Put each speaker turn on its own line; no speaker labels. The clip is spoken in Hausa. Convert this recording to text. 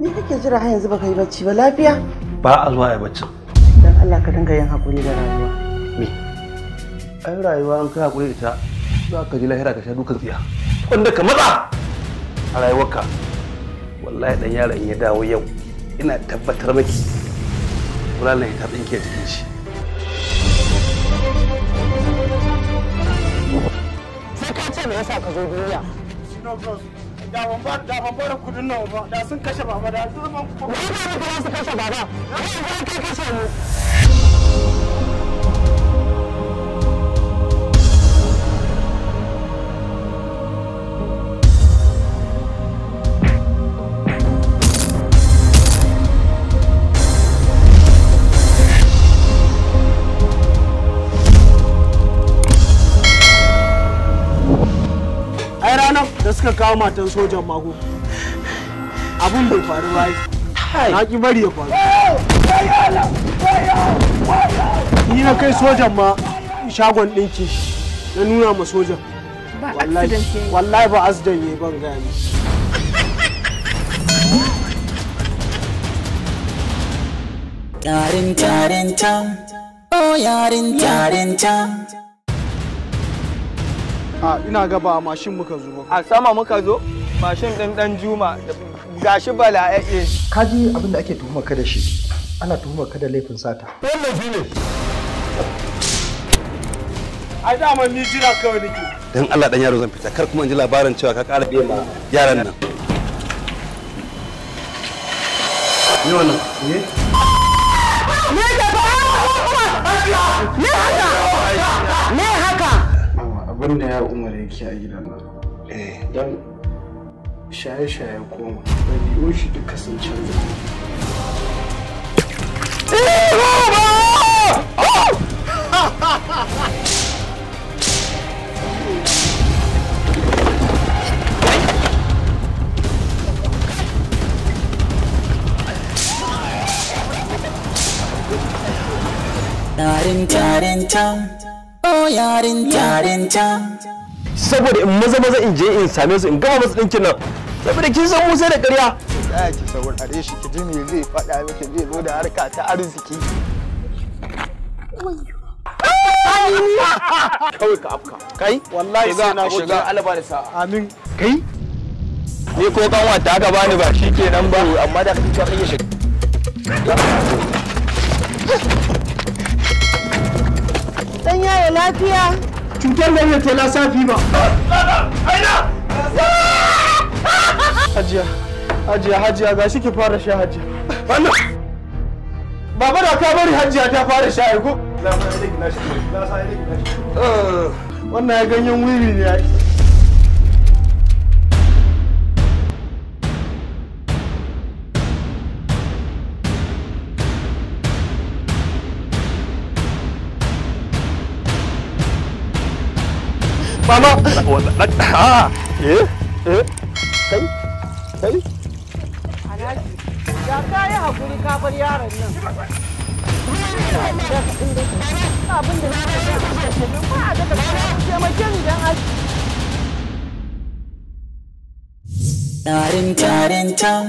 Ni kake jira har yanzu baka yi bacci ba lafiya? Ba a zuwa bacci. Dan Allah ka dinga yin hakuri da rayuwa. Me? Ai rayuwa an kai hakuri da ita za ka ji lahira ka sha dukan tsiya. Wanda ka matsa a rayuwarka. Wallahi dan yaron ya dawo yau ina tabbatar kula Ranar ta tsinke cikin shi. Sai ka ce me yasa ka zo duniya? da ban ba da kudin nan ba da sun kashe baba da sun ban ba ba su kashe baba wai ba kai kashe mu nan da suka kawo matan sojan mako abun bai faru ba na ki bari ya faru ni na kai sojan ma shagon ɗinki na nuna ma sojan wallahi ba accident ya ban gaya Yarin tarin tam, oh yarin tarin tam. a ina ga ba mashin muka zo ba a sama muka zo mashin ɗin ɗan juma gashi bala yake ka ji abin da ake tuhuma ka da shi ana tuhuma ka da laifin sata wannan shi ne a dama ni jira kawai nake dan Allah dan yaro zan fita kar kuma in ji labarin cewa ka ƙara biye yaran nan ne wannan ne ne da ba ne haka abin da ya umar yake a gidan nan eh. don shaye-shaye koma ɗabi'un shi duka sun canza Tarin tarin tarin. Oh yarinta. Yarinta. Saboda in maza maza in je in same su in gama masu dinkin nan. Saboda kin san Musa da ƙarya. Tsaya ki saurare shi ki ji me zai faɗa miki zai zo da harka ta arziki. Kawai ka afka. Kai? Wallahi sai na shiga alba da sa'a. Amin. Kai? Ni ko kan wata gaba bani ba shikenan ba amma da kake ka kake shiga. Lafiya. Cutar da yake na safi ba. Aina! Hajiya, hajiya, hajiya ga shi ki fara sha hajiya. Wannan! Baba da ka bari hajiya ta fara sha ko? Na shi. Wannan ya ganyen wiwi ne ya mama a eh yaron nan Tarin tarin tam